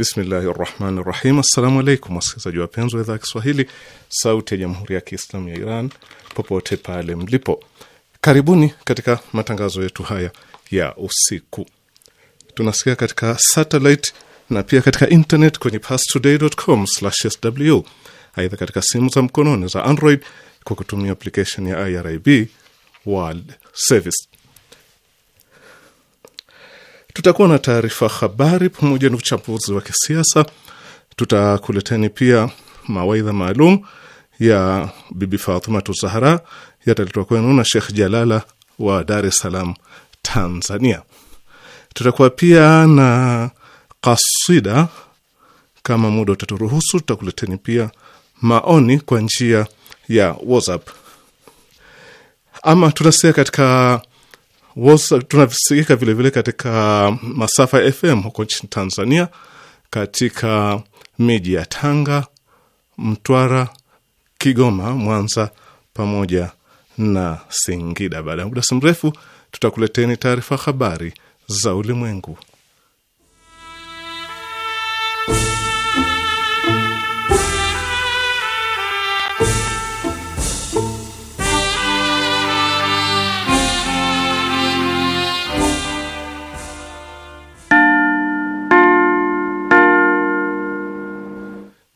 Bismillahi rahmani rahim. Assalamu alaikum wasikilizaji wapenzi wa idhaa ya Kiswahili sauti ya jamhuri ya Kiislamu ya Iran popote pale mlipo, karibuni katika matangazo yetu haya ya usiku. Tunasikia katika satellite na pia katika internet kwenye pastoday.com/sw. Aidha, katika simu za mkononi za Android kwa kutumia application ya IRIB World Service. Tutakuwa na taarifa habari pamoja na uchambuzi wa kisiasa. Tutakuleteni pia mawaidha maalum ya Bibi Fatuma Zahra, yataletwa kwenu na Shekh Jalala wa Dar es Salaam, Tanzania. Tutakuwa pia na kasida kama muda utaturuhusu. Tutakuleteni pia maoni kwa njia ya WhatsApp ama tutasia katika tunasikika vilevile katika masafa ya FM huko nchini Tanzania, katika miji ya Tanga, Mtwara, Kigoma, Mwanza pamoja na Singida. Baada ya muda si mrefu, tutakuleteni taarifa habari za ulimwengu.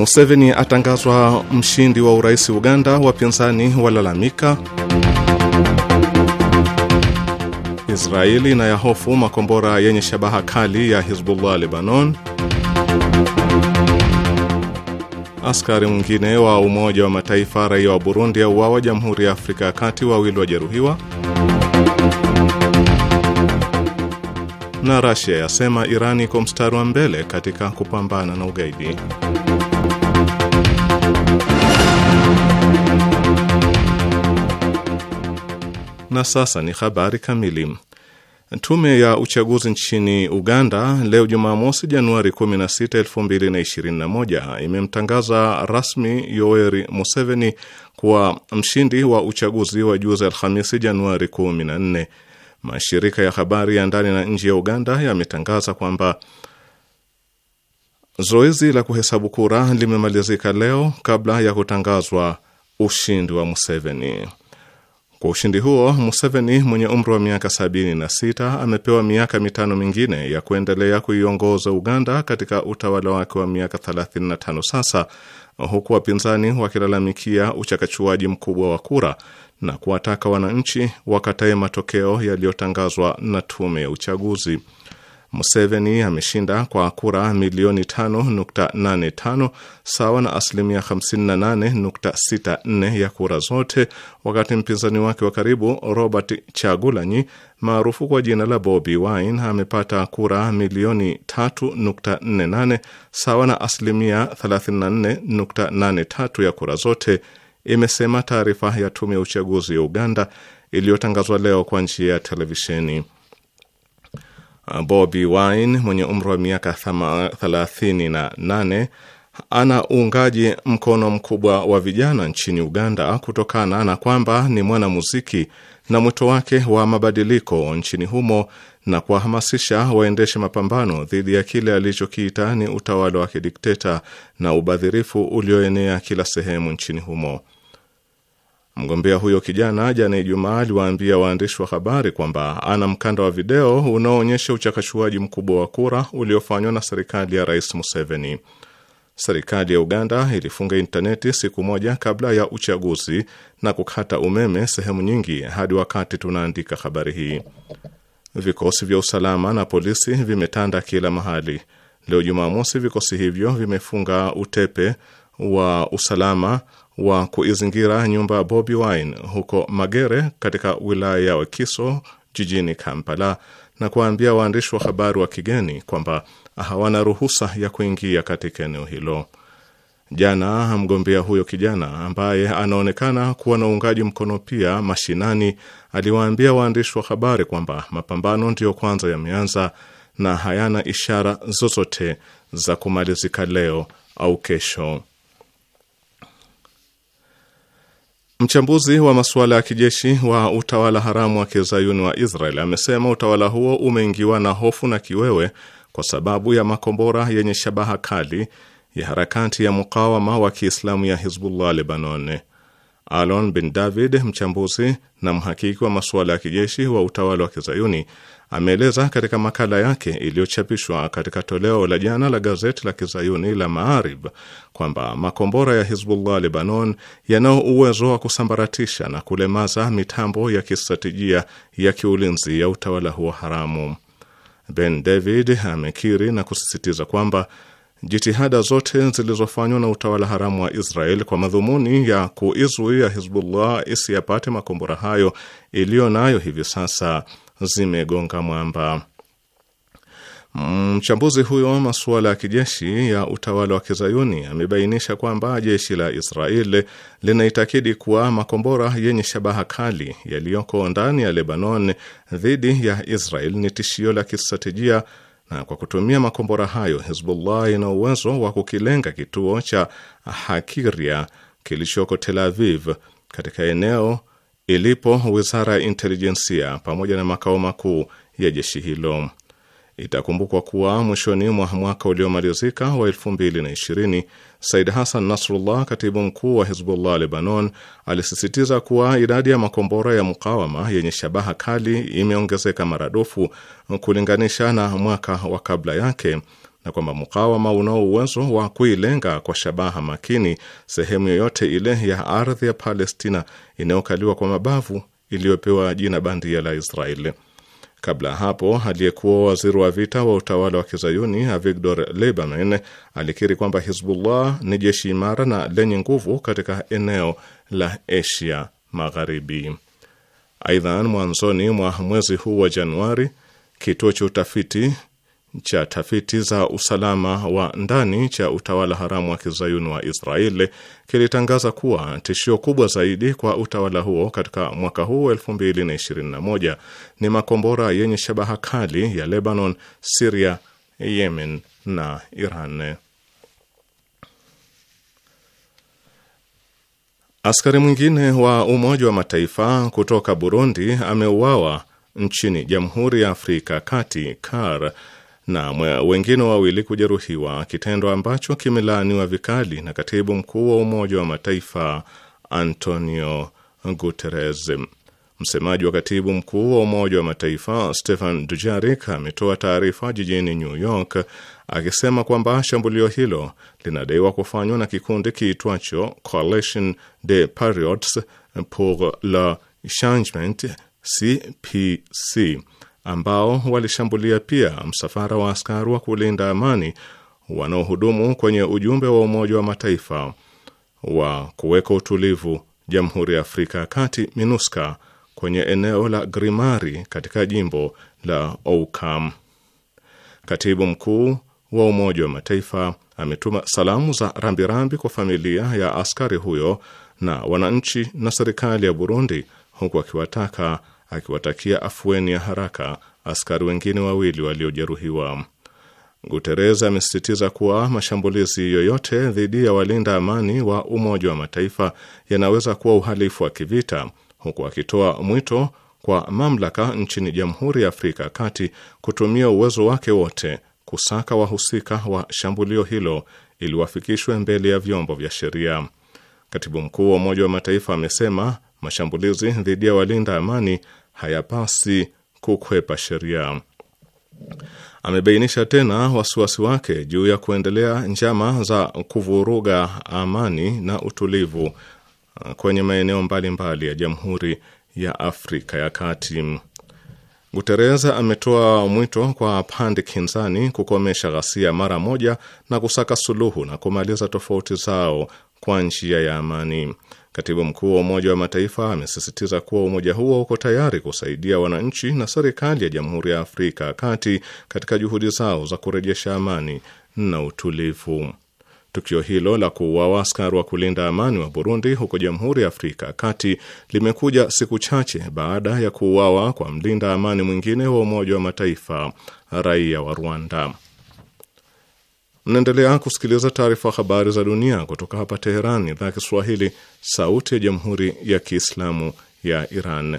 Museveni atangazwa mshindi wa urais Uganda, wapinzani walalamika. Israeli na yahofu makombora yenye shabaha kali ya Hizbullah Lebanon. Askari mwingine wa Umoja wa Mataifa raia wa Burundi auawa Jamhuri ya Afrika ya Kati, wawili wajeruhiwa. Na Russia yasema Irani iko mstari wa mbele katika kupambana na ugaidi. Na sasa ni habari kamili. Tume ya uchaguzi nchini Uganda leo Jumamosi, Januari 16, 2021 imemtangaza rasmi Yoweri Museveni kuwa mshindi wa uchaguzi wa juzi Alhamisi, Januari 14. Mashirika ya habari ya ndani na nje ya Uganda yametangaza kwamba zoezi la kuhesabu kura limemalizika leo kabla ya kutangazwa ushindi wa Museveni. Kwa ushindi huo, Museveni mwenye umri wa miaka 76 amepewa miaka mitano mingine ya kuendelea kuiongoza Uganda katika utawala wake wa miaka 35 sasa, huku wapinzani wakilalamikia uchakachuaji mkubwa wa kura na kuwataka wananchi wakatae matokeo yaliyotangazwa na tume ya uchaguzi. Museveni ameshinda kwa kura milioni 5.85 sawa na asilimia 58.64 ya kura zote, wakati mpinzani wake wa karibu Robert Chagulanyi maarufu kwa jina la Bobi Wine amepata kura milioni 3.48 sawa na asilimia 34.83 ya kura zote, imesema taarifa ya tume ya uchaguzi ya Uganda iliyotangazwa leo kwa njia ya televisheni. Bobi Wine mwenye umri wa miaka 38 ana uungaji mkono mkubwa wa vijana nchini Uganda kutokana na kwamba ni mwanamuziki na mwito wake wa mabadiliko nchini humo na kuwahamasisha waendeshe mapambano dhidi ya kile alichokiita ni utawala wa kidikteta na ubadhirifu ulioenea kila sehemu nchini humo. Mgombea huyo kijana jana Ijumaa aliwaambia waandishi wa habari kwamba ana mkanda wa video unaoonyesha uchakashuaji mkubwa wa kura uliofanywa na serikali ya Rais Museveni. Serikali ya Uganda ilifunga intaneti siku moja kabla ya uchaguzi na kukata umeme sehemu nyingi hadi wakati tunaandika habari hii. Vikosi vya usalama na polisi vimetanda kila mahali. Leo Jumamosi, vikosi hivyo vimefunga utepe wa usalama wa kuizingira nyumba ya Bobi Wine huko Magere katika wilaya ya Wakiso jijini Kampala na kuwaambia waandishi wa habari wa kigeni kwamba hawana ruhusa ya kuingia katika eneo hilo. Jana mgombea huyo kijana ambaye anaonekana kuwa na uungaji mkono pia mashinani aliwaambia waandishi wa habari kwamba mapambano ndiyo kwanza yameanza na hayana ishara zozote za kumalizika leo au kesho. Mchambuzi wa masuala ya kijeshi wa utawala haramu wa kizayuni wa Israel amesema utawala huo umeingiwa na hofu na kiwewe kwa sababu ya makombora yenye shabaha kali ya harakati ya mukawama wa Kiislamu ya Hizbullah Lebanon. Alon bin David, mchambuzi na mhakiki wa masuala ya kijeshi wa utawala wa kizayuni, ameeleza katika makala yake iliyochapishwa katika toleo la jana la gazeti la kizayuni la Maarib kwamba makombora ya Hizbullah Lebanon yanao uwezo wa kusambaratisha na kulemaza mitambo ya kistratejia ya kiulinzi ya utawala huo haramu. Ben David amekiri na kusisitiza kwamba jitihada zote zilizofanywa na utawala haramu wa Israel kwa madhumuni ya kuizuia Hizbullah isiyapate makombora hayo iliyo nayo hivi sasa zimegonga mwamba. Mm, mchambuzi huyo wa masuala ya kijeshi ya utawala wa kizayuni amebainisha kwamba jeshi la Israeli linaitakidi kuwa makombora yenye shabaha kali yaliyoko ndani ya Lebanon dhidi ya Israel ni tishio la kistratejia, na kwa kutumia makombora hayo Hezbollah ina uwezo wa kukilenga kituo cha Hakiria kilichoko Tel Aviv katika eneo ilipo wizara ya intelijensia pamoja na makao makuu ya jeshi hilo. Itakumbukwa kuwa mwishoni mwa mwaka uliomalizika wa elfu Said Hassan Nasrullah, katibu mkuu wa Hizbullah Lebanon, alisisitiza kuwa idadi ya makombora ya mukawama yenye shabaha kali imeongezeka maradufu kulinganisha na mwaka wa kabla yake na kwamba mukawama unao uwezo wa kuilenga kwa shabaha makini sehemu yoyote ile ya ardhi ya Palestina inayokaliwa kwa mabavu iliyopewa jina bandia la Israeli. Kabla ya hapo aliyekuwa waziri wa vita wa utawala wa kizayuni Avigdor Lieberman alikiri kwamba Hizbullah ni jeshi imara na lenye nguvu katika eneo la Asia Magharibi. Aidha, mwanzoni mwa mwezi huu wa Januari, kituo cha utafiti cha tafiti za usalama wa ndani cha utawala haramu wa kizayuni wa Israeli kilitangaza kuwa tishio kubwa zaidi kwa utawala huo katika mwaka huu 2021 ni makombora yenye shabaha kali ya Lebanon, Siria, Yemen na Iran. Askari mwingine wa Umoja wa Mataifa kutoka Burundi ameuawa nchini Jamhuri ya Afrika Kati, CAR na wengine wawili kujeruhiwa, kitendo ambacho kimelaaniwa vikali na katibu mkuu wa Umoja wa Mataifa Antonio Guterres. Msemaji wa katibu mkuu wa Umoja wa Mataifa Stefan Dujarik ametoa taarifa jijini New York akisema kwamba shambulio hilo linadaiwa kufanywa na kikundi kiitwacho Coalition de Patriotes pour le Changement CPC ambao walishambulia pia msafara wa askari wa kulinda amani wanaohudumu kwenye ujumbe wa Umoja wa Mataifa wa kuweka utulivu Jamhuri ya Afrika ya Kati, MINUSCA, kwenye eneo la Grimari katika jimbo la Oukam. Katibu mkuu wa Umoja wa Mataifa ametuma salamu za rambirambi kwa familia ya askari huyo na wananchi na serikali ya Burundi, huku akiwataka akiwatakia afueni ya haraka askari wengine wawili waliojeruhiwa. Guterres amesisitiza kuwa mashambulizi yoyote dhidi ya walinda amani wa Umoja wa Mataifa yanaweza kuwa uhalifu wa kivita, huku akitoa mwito kwa mamlaka nchini Jamhuri ya Afrika ya Kati kutumia uwezo wake wote kusaka wahusika wa shambulio hilo ili wafikishwe mbele ya vyombo vya sheria. Katibu mkuu wa Umoja wa Mataifa amesema mashambulizi dhidi ya walinda amani hayapasi kukwepa sheria. Amebainisha tena wasiwasi wake juu ya kuendelea njama za kuvuruga amani na utulivu uh, kwenye maeneo mbalimbali ya Jamhuri ya Afrika ya Kati. Guterres ametoa mwito kwa pande kinzani kukomesha ghasia mara moja na kusaka suluhu na kumaliza tofauti zao kwa njia ya amani. Katibu mkuu wa Umoja wa Mataifa amesisitiza kuwa umoja huo uko tayari kusaidia wananchi na serikali ya Jamhuri ya Afrika ya Kati katika juhudi zao za kurejesha amani na utulivu. Tukio hilo la kuuawa askari wa kulinda amani wa Burundi huko Jamhuri ya Afrika ya Kati limekuja siku chache baada ya kuuawa kwa mlinda amani mwingine wa Umoja wa Mataifa, raia wa Rwanda naendelea kusikiliza taarifa habari za dunia kutoka hapa Teheran, idhaa ya Kiswahili, sauti ya jamhuri ya kiislamu ya Iran.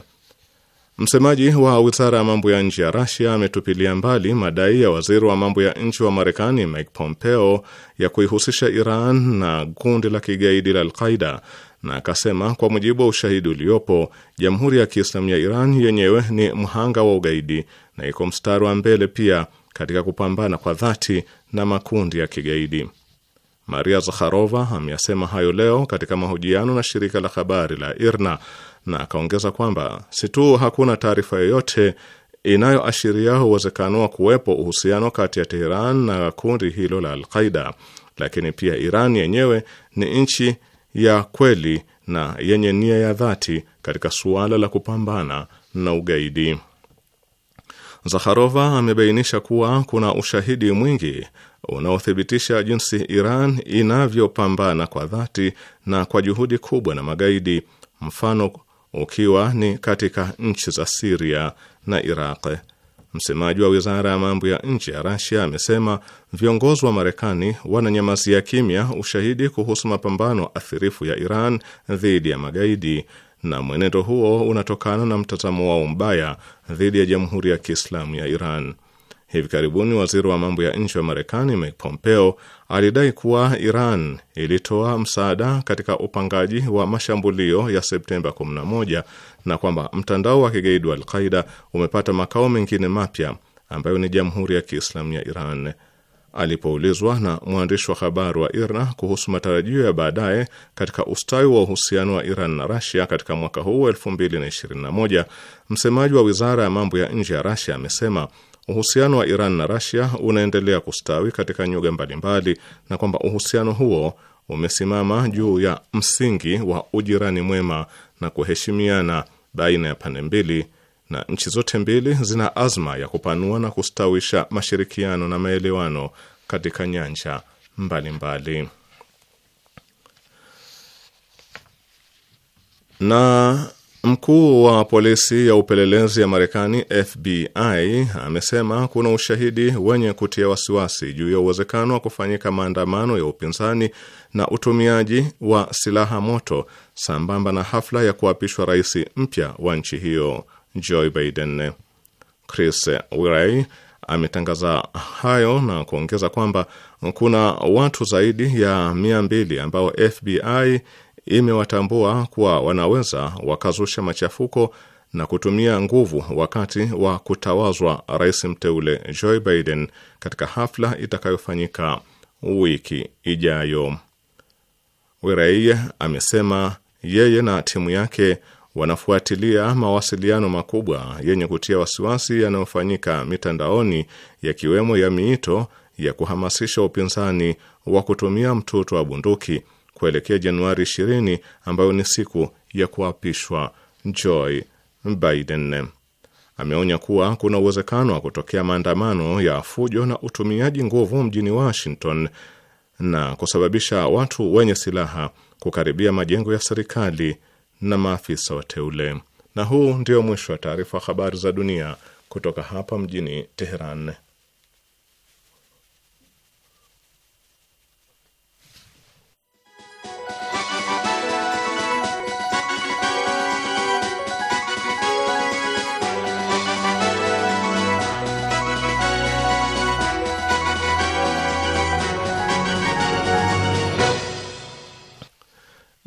Msemaji wa wizara ya mambo ya nje ya Rasia ametupilia mbali madai ya waziri wa mambo ya nchi wa Marekani Mike Pompeo ya kuihusisha Iran na kundi la kigaidi la Alqaida na akasema, kwa mujibu wa ushahidi uliopo, jamhuri ya kiislamu ya Iran yenyewe ni mhanga wa ugaidi na iko mstari wa mbele pia katika kupambana kwa dhati na makundi ya kigaidi. Maria Zakharova ameyasema hayo leo katika mahojiano na shirika la habari la IRNA na akaongeza kwamba si tu hakuna taarifa yoyote inayoashiria uwezekano wa kuwepo uhusiano kati ya Teheran na kundi hilo la Alqaida, lakini pia Iran yenyewe ni nchi ya kweli na yenye nia ya dhati katika suala la kupambana na ugaidi. Zakharova amebainisha kuwa kuna ushahidi mwingi unaothibitisha jinsi Iran inavyopambana kwa dhati na kwa juhudi kubwa na magaidi, mfano ukiwa ni katika nchi za Siria na Iraq. Msemaji wa wizara ya mambo ya nje ya Rasia amesema viongozi wa Marekani wananyamazia kimya ushahidi kuhusu mapambano athirifu ya Iran dhidi ya magaidi na mwenendo huo unatokana na mtazamo wao mbaya dhidi ya Jamhuri ya Kiislamu ya Iran. Hivi karibuni waziri wa mambo ya nje wa Marekani Mike Pompeo alidai kuwa Iran ilitoa msaada katika upangaji wa mashambulio ya Septemba 11 na kwamba mtandao wa kigaidi wa Alqaida umepata makao mengine mapya ambayo ni Jamhuri ya Kiislamu ya Iran. Alipoulizwa na mwandishi wa habari wa IRNA kuhusu matarajio ya baadaye katika ustawi wa uhusiano wa Iran na Rasia katika mwaka huu 2021, msemaji wa wizara ya mambo ya nje ya Rasia amesema uhusiano wa Iran na Rasia unaendelea kustawi katika nyuga mbalimbali na kwamba uhusiano huo umesimama juu ya msingi wa ujirani mwema na kuheshimiana baina ya pande mbili na nchi zote mbili zina azma ya kupanua na kustawisha mashirikiano na maelewano katika nyanja mbalimbali mbali. Na mkuu wa polisi ya upelelezi ya Marekani FBI amesema kuna ushahidi wenye kutia wasiwasi juu ya uwezekano wa kufanyika maandamano ya upinzani na utumiaji wa silaha moto sambamba na hafla ya kuapishwa rais mpya wa nchi hiyo Joe Biden. Chris Wray ametangaza hayo na kuongeza kwamba kuna watu zaidi ya mia mbili ambao FBI imewatambua kuwa wanaweza wakazusha machafuko na kutumia nguvu wakati wa kutawazwa rais mteule Joe Biden katika hafla itakayofanyika wiki ijayo. wray amesema yeye na timu yake wanafuatilia mawasiliano makubwa yenye kutia wasiwasi yanayofanyika mitandaoni, yakiwemo ya miito ya kuhamasisha upinzani wa kutumia mtoto wa bunduki kuelekea Januari 20 ambayo ni siku ya kuapishwa Joe Biden. Ameonya kuwa kuna uwezekano wa kutokea maandamano ya fujo na utumiaji nguvu mjini Washington na kusababisha watu wenye silaha kukaribia majengo ya serikali na maafisa wateule. Na huu ndio mwisho wa taarifa wa habari za dunia kutoka hapa mjini Teheran.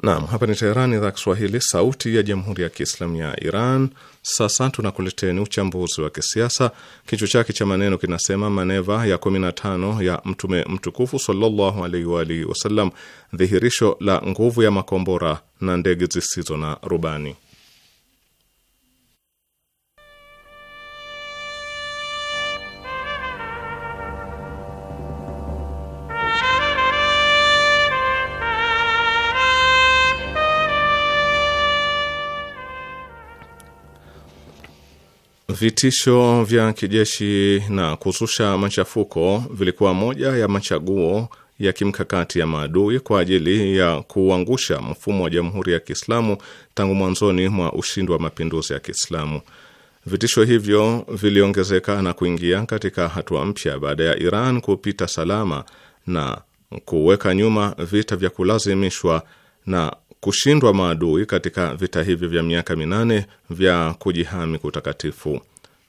Naam, hapa ni teheran idhaa Kiswahili, sauti ya jamhuri ya kiislamu ya Iran. Sasa tunakuleteni uchambuzi wa kisiasa, kichwa chake cha maneno kinasema maneva ya 15 ya Mtume mtukufu sallallahu alaihi wa alihi wasallam, dhihirisho la nguvu ya makombora na ndege zisizo na rubani. Vitisho vya kijeshi na kuzusha machafuko vilikuwa moja ya machaguo ya kimkakati ya maadui kwa ajili ya kuuangusha mfumo wa Jamhuri ya Kiislamu tangu mwanzoni mwa ushindi wa mapinduzi ya Kiislamu. Vitisho hivyo viliongezeka na kuingia katika hatua mpya baada ya Iran kupita salama na kuweka nyuma vita vya kulazimishwa na kushindwa maadui katika vita hivyo vya miaka minane vya kujihami kutakatifu.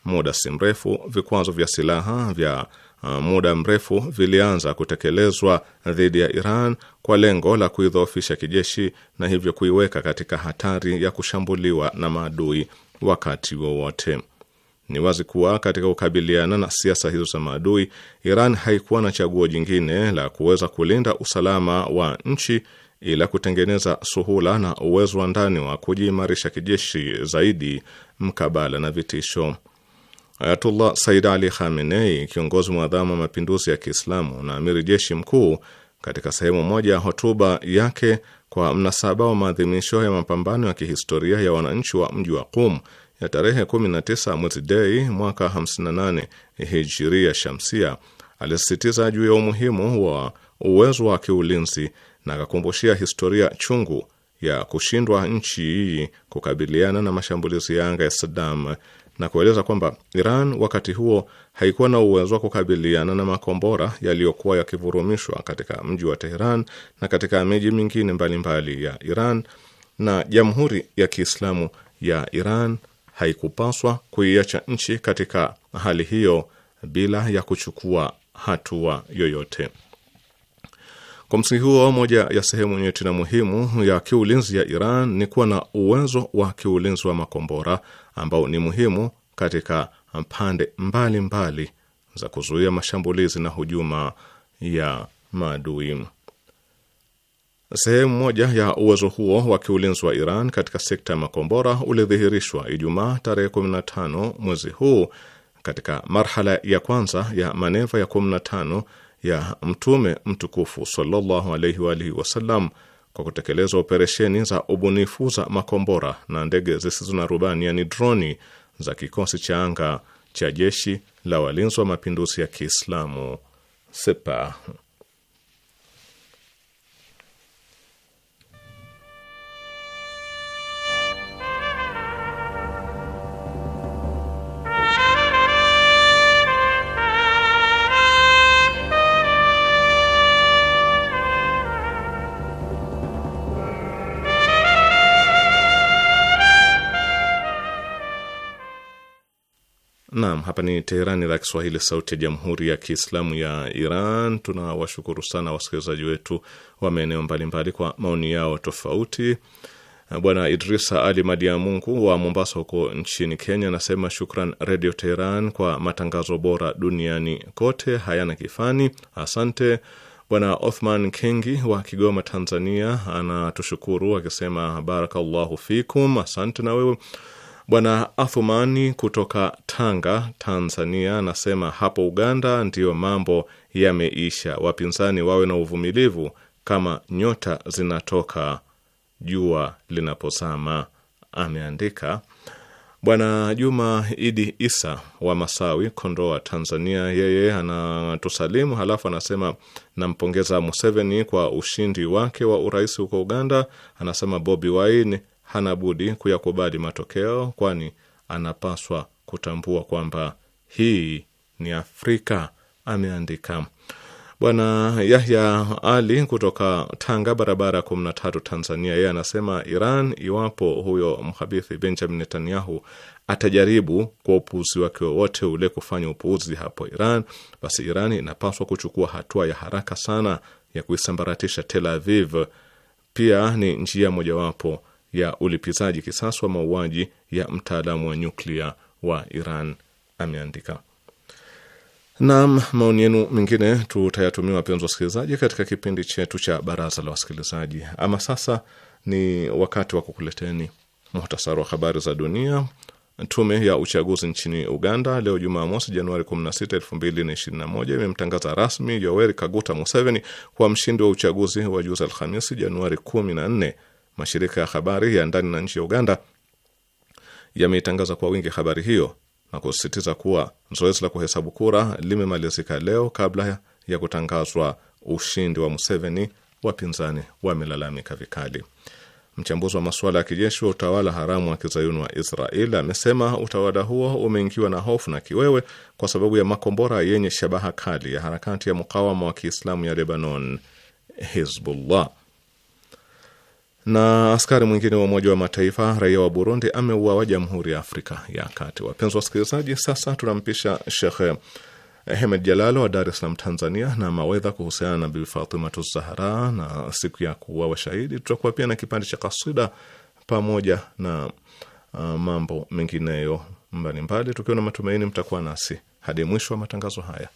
Muda si mrefu, vikwazo vya silaha vya uh, muda mrefu vilianza kutekelezwa dhidi ya Iran kwa lengo la kuidhoofisha kijeshi na hivyo kuiweka katika hatari ya kushambuliwa na maadui wakati wowote. Ni wazi kuwa katika kukabiliana na siasa hizo za maadui, Iran haikuwa na chaguo jingine la kuweza kulinda usalama wa nchi ila kutengeneza suhula na uwezo wa ndani wa kujiimarisha kijeshi zaidi mkabala na vitisho. Ayatullah Said Ali Khamenei, kiongozi mwadhamu wa mapinduzi ya Kiislamu na amiri jeshi mkuu, katika sehemu moja ya hotuba yake kwa mnasaba wa maadhimisho ya mapambano ya kihistoria ya wananchi wa mji wa Qum ya tarehe 19 mwezi Dei mwaka 58 hijiria shamsia, alisisitiza juu ya umuhimu wa uwezo wa kiulinzi na akakumbushia historia chungu ya kushindwa nchi hii kukabiliana na mashambulizi ya anga ya Saddam na kueleza kwamba Iran wakati huo haikuwa na uwezo wa kukabiliana na makombora yaliyokuwa yakivurumishwa katika mji wa Teheran na katika miji mingine mbalimbali mbali ya Iran, na Jamhuri ya Kiislamu ya Iran haikupaswa kuiacha nchi katika hali hiyo bila ya kuchukua hatua yoyote. Kwa msingi huo, moja ya sehemu nyeti na muhimu ya kiulinzi ya Iran ni kuwa na uwezo wa kiulinzi wa makombora ambao ni muhimu katika pande mbalimbali mbali za kuzuia mashambulizi na hujuma ya maadui. Sehemu moja ya uwezo huo wa kiulinzi wa Iran katika sekta ya makombora ulidhihirishwa Ijumaa tarehe 15 mwezi huu katika marhala ya kwanza ya maneva ya ya Mtume mtukufu sallallahu alaihi wa alihi wasallam kwa kutekeleza operesheni za ubunifu za makombora na ndege zisizo na rubani yani droni za kikosi cha anga cha jeshi la walinzi wa mapinduzi ya Kiislamu Sepah. Naam, hapa ni Teherani, idhaa Kiswahili, sauti ya jamhuri ya kiislamu ya Iran. Tunawashukuru sana wasikilizaji wetu wa maeneo mbalimbali kwa maoni yao tofauti. Bwana Idrisa Ali Madi ya Mungu wa Mombasa huko nchini Kenya anasema shukran Redio Teheran kwa matangazo bora duniani kote, hayana kifani. Asante. Bwana Othman Kingi wa Kigoma, Tanzania, anatushukuru akisema barakallahu fikum. Asante na wewe Bwana Athumani kutoka Tanga, Tanzania, anasema hapo Uganda ndiyo mambo yameisha, wapinzani wawe na uvumilivu kama nyota zinatoka jua linapozama. Ameandika Bwana Juma Idi Isa wa Masawi, Kondoa, Tanzania. Yeye anatusalimu halafu anasema nampongeza Museveni kwa ushindi wake wa urais huko Uganda. Anasema Bobi Wine hana budi kuyakubali matokeo, kwani anapaswa kutambua kwamba hii ni Afrika, ameandika Bwana Yahya Ali kutoka Tanga, barabara kumi na tatu, Tanzania. Yeye anasema Iran, iwapo huyo mhabithi Benjamin Netanyahu atajaribu kwa upuuzi wake wowote ule kufanya upuuzi hapo Iran, basi Iran inapaswa kuchukua hatua ya haraka sana ya kuisambaratisha Tel Aviv. Pia ni njia mojawapo ya ulipizaji kisasi wa mauaji ya mtaalamu wa nyuklia wa Iran, ameandika. Naam, maoni yenu mengine tutayatumia wapenzi wasikilizaji, katika kipindi chetu cha baraza la wasikilizaji. Ama sasa ni wakati wa kukuleteni muhtasari wa habari za dunia. Tume ya uchaguzi nchini Uganda leo Jumamosi, Januari 16, 2021 imemtangaza rasmi Yoweri Kaguta Museveni kuwa mshindi wa uchaguzi wa juzi Alhamisi, Januari 14 mashirika ya habari ya ndani na nchi ya Uganda yameitangaza kwa wingi habari hiyo na kusisitiza kuwa zoezi la kuhesabu kura limemalizika leo kabla ya kutangazwa ushindi wa Museveni, wapinzani wamelalamika vikali. Mchambuzi wa masuala ya kijeshi wa utawala haramu wa kizayuni wa Israel amesema utawala huo umeingiwa na hofu na kiwewe kwa sababu ya makombora yenye shabaha kali ya harakati ya mukawama wa Kiislamu ya Lebanon, Hizbullah. Na askari mwingine wa Umoja wa Mataifa raia wa Burundi ameuawa Jamhuri ya Afrika ya Kati. Wapenzi wasikilizaji, sasa tunampisha Shekhe Ahmed Jalalo wa Dar es Salaam, Tanzania, na mawedha kuhusiana na Bibi Fatimatuz Zahra na siku ya kuua washahidi Tutakuwa pia na kipande cha kasida pamoja na uh, mambo mengineyo mbalimbali, tukiwa na matumaini mtakuwa nasi hadi mwisho wa matangazo haya.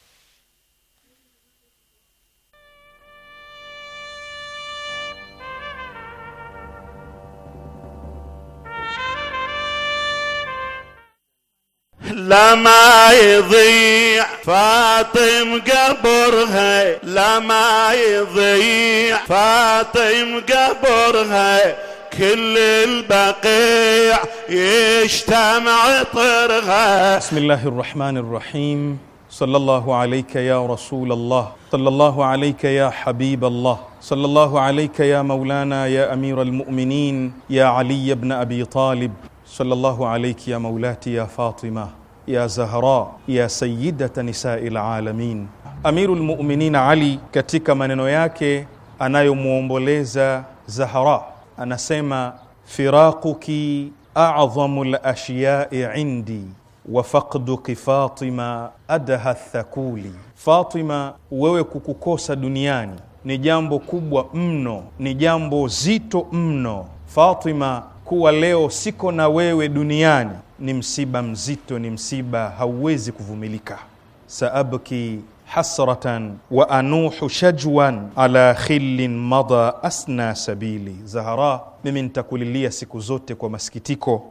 لا ما يضيع فاطم قبرها لا ما يضيع فاطم قبرها كل البقيع يجتمع طرها بسم الله الرحمن الرحيم صلى الله عليك يا رسول الله صلى الله عليك يا حبيب الله صلى الله عليك يا مولانا يا امير المؤمنين يا علي بن ابي طالب صلى الله عليك يا مولاتي يا فاطمه ya Zahra ya sayidata nisai lalamin. Amiru lmuminin Ali katika maneno yake anayomwomboleza Zahra anasema, firaquki adhamu lashyai indi wa faqduki Fatima adaha thakuli. Fatima, wewe kukukosa duniani ni jambo kubwa mno, ni jambo zito mno. Fatima kuwa leo siko na wewe duniani ni msiba mzito, ni msiba hauwezi kuvumilika. saabki hasratan wa anuhu shajwan ala khillin madha asna sabili Zahara, mimi nitakulilia siku zote kwa masikitiko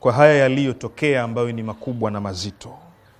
kwa haya yaliyotokea ambayo ni makubwa na mazito.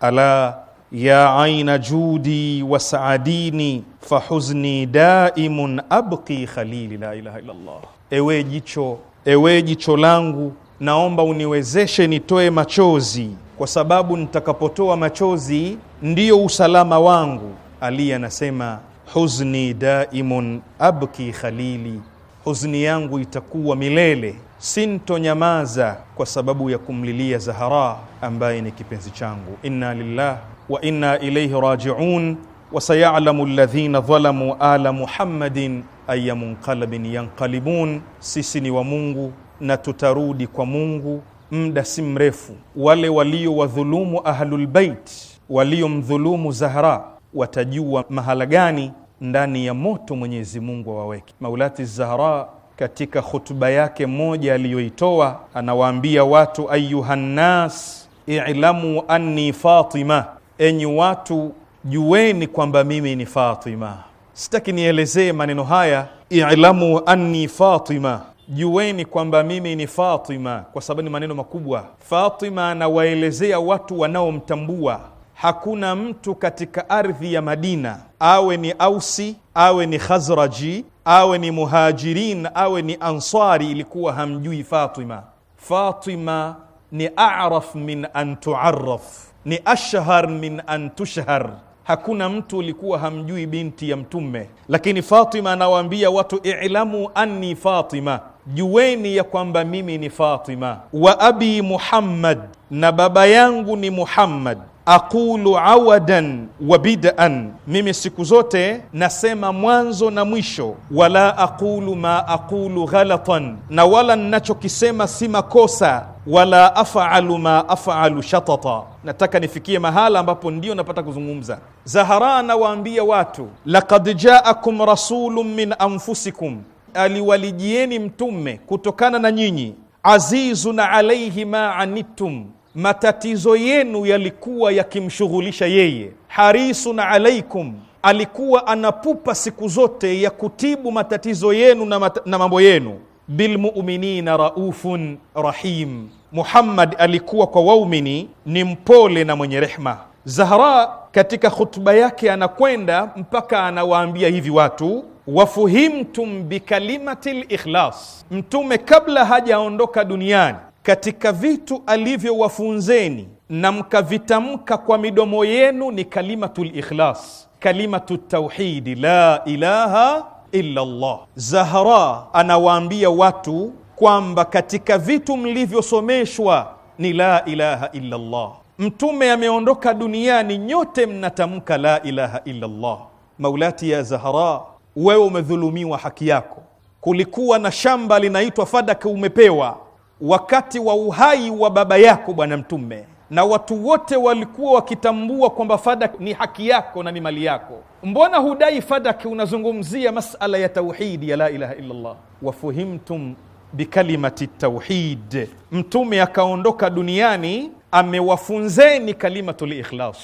ala ya aina judi wa saadini fahuzni daimun abki khalili la ilaha illa Allah, ewe jicho ewe jicho langu, naomba uniwezeshe nitoe machozi, kwa sababu nitakapotoa machozi ndiyo usalama wangu. Ali anasema huzni daimun abki khalili, huzni yangu itakuwa milele, sintonyamaza kwa sababu ya kumlilia Zahara ambaye ni kipenzi changu. Inna lillah wa inna ilaihi rajiun, wa sayalamu ladhina dhalamu ala muhammadin ayya munqalabin yanqalibun, sisi ni wa Mungu na tutarudi kwa Mungu muda si mrefu. Wale walio waliowadhulumu ahlulbeit, waliomdhulumu Zahra watajua mahala gani ndani ya moto Mwenyezi Mungu awaweke. Maulati Zahra katika khutuba yake moja aliyoitoa anawaambia watu, ayuhannas ilamu anni Fatima, enyi watu jueni kwamba mimi ni Fatima Sitaki nielezee maneno haya, ilamu anni Fatima, jueni kwamba mimi ni Fatima, kwa sababu ni maneno makubwa. Fatima anawaelezea watu wanaomtambua. Hakuna mtu katika ardhi ya Madina, awe ni Ausi, awe ni Khazraji, awe ni Muhajirin, awe ni Ansari, ilikuwa hamjui Fatima. Fatima ni araf min an tuaraf, ni ashhar min an tushhar hakuna mtu ulikuwa hamjui binti ya Mtume, lakini Fatima anawaambia watu, ilamu anni Fatima, juweni ya kwamba mimi ni Fatima, wa abi Muhammad, na baba yangu ni Muhammad aqulu awadan wa bid'an, mimi siku zote nasema mwanzo na mwisho. Wala aqulu ma aqulu ghalatan, na wala ninachokisema si makosa. Wala afalu ma afalu shatata, nataka nifikie mahala ambapo ndio napata kuzungumza. Zahara anawaambia watu, laqad jaakum rasulun min anfusikum, aliwalijieni mtume kutokana na nyinyi, azizun alaihi ma anittum matatizo yenu yalikuwa yakimshughulisha yeye. Harisun alaikum, alikuwa anapupa siku zote ya kutibu matatizo yenu na, mat na mambo yenu. Bilmuminina raufun rahim, Muhammad alikuwa kwa waumini ni mpole na mwenye rehma. Zahra katika khutuba yake anakwenda mpaka anawaambia hivi watu wafuhimtum bikalimati likhlas. Mtume kabla hajaondoka duniani katika vitu alivyowafunzeni na mkavitamka kwa midomo yenu ni kalimatu likhlas kalimatu tauhidi, la ilaha illa llah. Zahara anawaambia watu kwamba katika vitu mlivyosomeshwa ni la ilaha illa llah. Mtume ameondoka duniani, nyote mnatamka la ilaha illa llah. Maulati ya Zahara, wewe umedhulumiwa haki yako. Kulikuwa na shamba linaitwa Fadak, umepewa wakati wa uhai wa baba yako Bwana Mtume, na watu wote walikuwa wakitambua kwamba fadak ni haki yako na ni mali yako. Mbona hudai fadak? Unazungumzia masala ya tauhidi ya la ilaha illallah. Wafuhimtum bikalimati tauhid, Mtume akaondoka duniani amewafunzeni kalimatul ikhlas,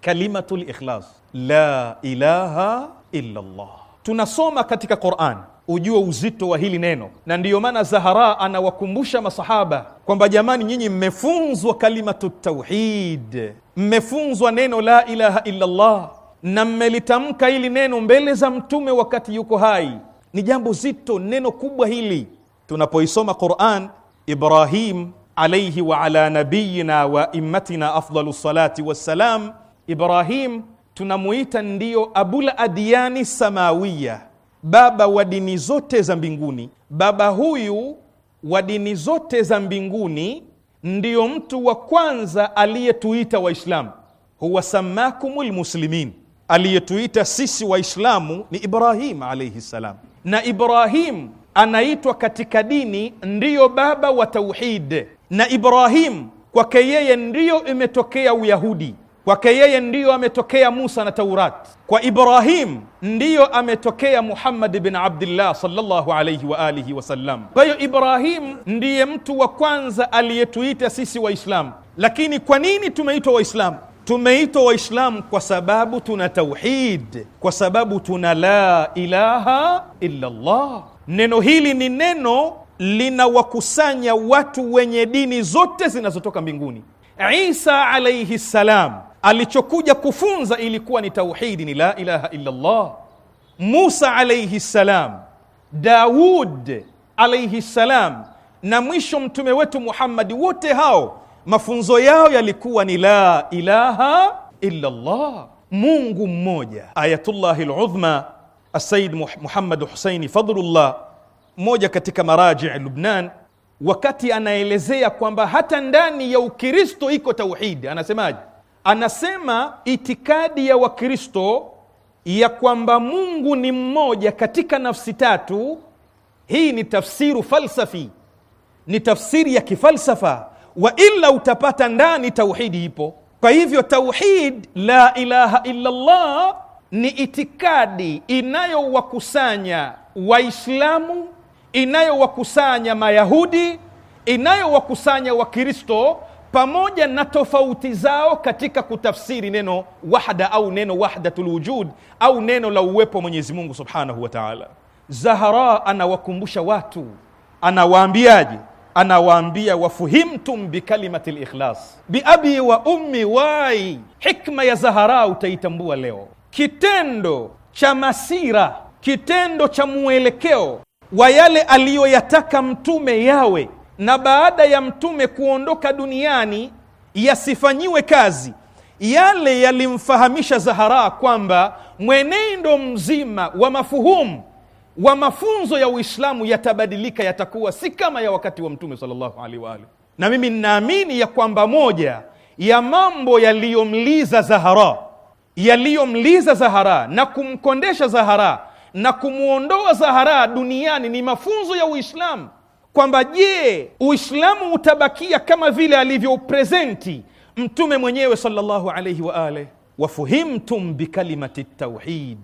kalimatul ikhlas, la ilaha illallah. Tunasoma katika Quran ujue uzito wa hili neno, na ndiyo maana Zahara anawakumbusha masahaba kwamba jamani, nyinyi mmefunzwa kalimatu tauhid, mmefunzwa neno la ilaha illa llah na mmelitamka hili neno mbele za mtume wakati yuko hai. Ni jambo zito, neno kubwa hili. Tunapoisoma Quran, Ibrahim alaihi wa ala nabiyina wa immatina afdalu salati wassalam, Ibrahim tunamuita ndiyo abul adiyani samawiya baba wa dini zote za mbinguni. Baba huyu wa dini zote za mbinguni ndiyo mtu wa kwanza aliyetuita Waislamu, huwa samakumu lmuslimin. Aliyetuita sisi Waislamu ni Ibrahim alaihi ssalam, na Ibrahim anaitwa katika dini ndiyo baba wa tauhid, na Ibrahim kwake yeye ndiyo imetokea Uyahudi. Kwake yeye ndiyo ametokea Musa na Taurati. Kwa Ibrahim ndiyo ametokea Muhammad bin Abdillah sallallahu alayhi wa alihi wasallam. Kwa hiyo Ibrahim ndiye mtu wa kwanza aliyetuita sisi Waislamu. Lakini kwa nini tumeitwa Waislamu? Tumeitwa Waislamu kwa sababu tuna tauhid, kwa sababu tuna la ilaha illa Allah. Neno hili ni neno linawakusanya watu wenye dini zote zinazotoka mbinguni. Isa alaihi ssalam alichokuja kufunza ilikuwa ni tauhidi, ni la ilaha illa Allah. Musa alaihi salam, Daud alaihi salam na mwisho mtume wetu Muhammadi, wote hao mafunzo yao yalikuwa ni la ilaha illa Allah, Mungu mmoja. Ayatullahi ludhma Asayid Muhammad Husaini Fadhlullah, mmoja katika marajii Lubnan, wakati anaelezea kwamba hata ndani ya Ukristo iko tauhidi, anasemaje? anasema itikadi ya Wakristo ya kwamba Mungu ni mmoja katika nafsi tatu. Hii ni tafsiru falsafi, ni tafsiri ya kifalsafa, wa ila utapata ndani tauhidi ipo. Kwa hivyo tauhid, la ilaha illa ni itikadi inayowakusanya Waislamu, inayowakusanya Mayahudi, inayowakusanya Wakristo pamoja na tofauti zao katika kutafsiri neno wahda au neno wahdatul wujud au neno la uwepo wa Mwenyezi Mungu subhanahu wa taala. Zahara anawakumbusha watu, anawaambiaje? Anawaambia, wafuhimtum bikalimati likhlas biabi wa ummi wai. Hikma ya Zahara utaitambua leo. Kitendo cha masira, kitendo cha mwelekeo wa yale aliyoyataka Mtume yawe na baada ya mtume kuondoka duniani yasifanyiwe kazi yale yalimfahamisha Zahara kwamba mwenendo mzima wa mafuhumu wa mafunzo ya Uislamu yatabadilika, yatakuwa si kama ya wakati wa Mtume sallallahu alaihi wa alihi. Na mimi ninaamini ya kwamba moja ya mambo yaliyomliza Zahara, yaliyomliza Zahara na kumkondesha Zahara na kumwondoa Zahara duniani ni mafunzo ya Uislamu kwamba je, Uislamu utabakia kama vile alivyouprezenti Mtume mwenyewe sallallahu alaihi wa ale wafuhimtum bikalimati tauhid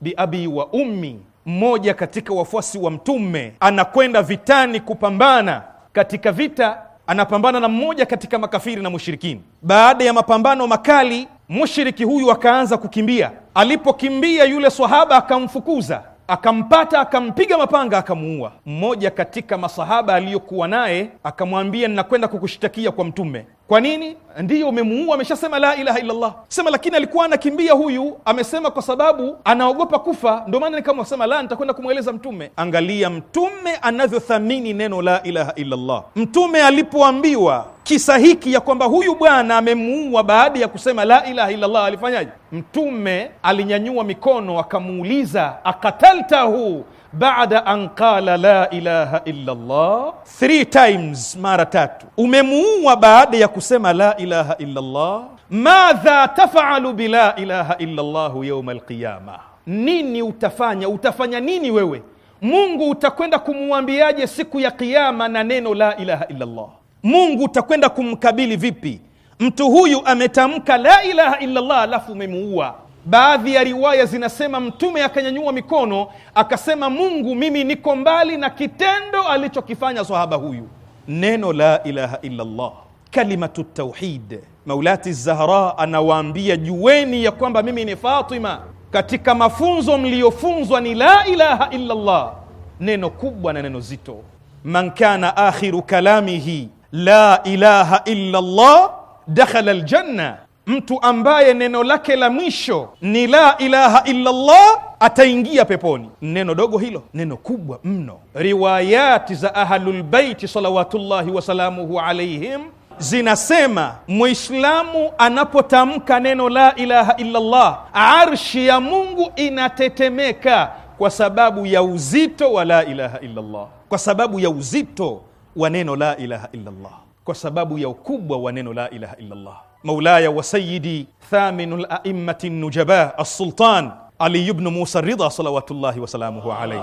biabi wa ummi. Mmoja katika wafuasi wa Mtume anakwenda vitani kupambana katika vita, anapambana na mmoja katika makafiri na mushirikini. Baada ya mapambano makali, mushiriki huyu akaanza kukimbia. Alipokimbia, yule swahaba akamfukuza akampata akampiga mapanga akamuua. Mmoja katika masahaba aliyokuwa naye akamwambia, ninakwenda kukushtakia kwa Mtume. Kwa nini? Ndiyo, umemuua, ameshasema la ilaha illallah. Sema lakini alikuwa anakimbia huyu, amesema kwa sababu anaogopa kufa, ndio maana nikamwasema la, nitakwenda kumweleza Mtume. Angalia Mtume anavyothamini neno la ilaha illallah. Mtume alipoambiwa kisa hiki ya kwamba huyu bwana amemuua baada ya kusema la ilaha illallah, alifanyaje? Mtume alinyanyua mikono akamuuliza, akataltahu baada an qala la ilaha illa llah three times, mara tatu. Umemuua baada ya kusema la ilaha illa llah Madha tafalu bila ilaha illa llahu yauma alqiyama, nini utafanya? Utafanya nini wewe? Mungu utakwenda kumwambiaje siku ya qiama na neno la ilaha illa llah? Mungu utakwenda kumkabili vipi mtu huyu ametamka la ilaha illa llah alafu umemuua? Baadhi ya riwaya zinasema Mtume akanyanyua mikono akasema, Mungu mimi niko mbali na kitendo alichokifanya sahaba huyu. Neno la ilaha illa kalimatu tauhid. Maulati Zahra anawaambia jueni ya kwamba mimi ni Fatima, katika mafunzo mliyofunzwa ni la ilaha illa Neno kubwa na neno zito. Man kana akhiru kalamihi la ilaha illa dakhala aljanna Mtu ambaye neno lake la mwisho ni la ilaha illallah ataingia peponi. Neno dogo hilo, neno kubwa mno. Riwayati za Ahlulbeiti salawatullahi wasalamuhu alaihim zinasema mwislamu anapotamka neno la ilaha illallah, arshi ya Mungu inatetemeka kwa sababu ya uzito wa la ilaha illallah, kwa sababu ya uzito wa neno la ilaha illallah, kwa sababu ya ukubwa wa neno la ilaha illallah. مولاي وسيدي ثامن الأئمة النجباء السلطان علي بن موسى الرضا صلوات الله وسلامه عليه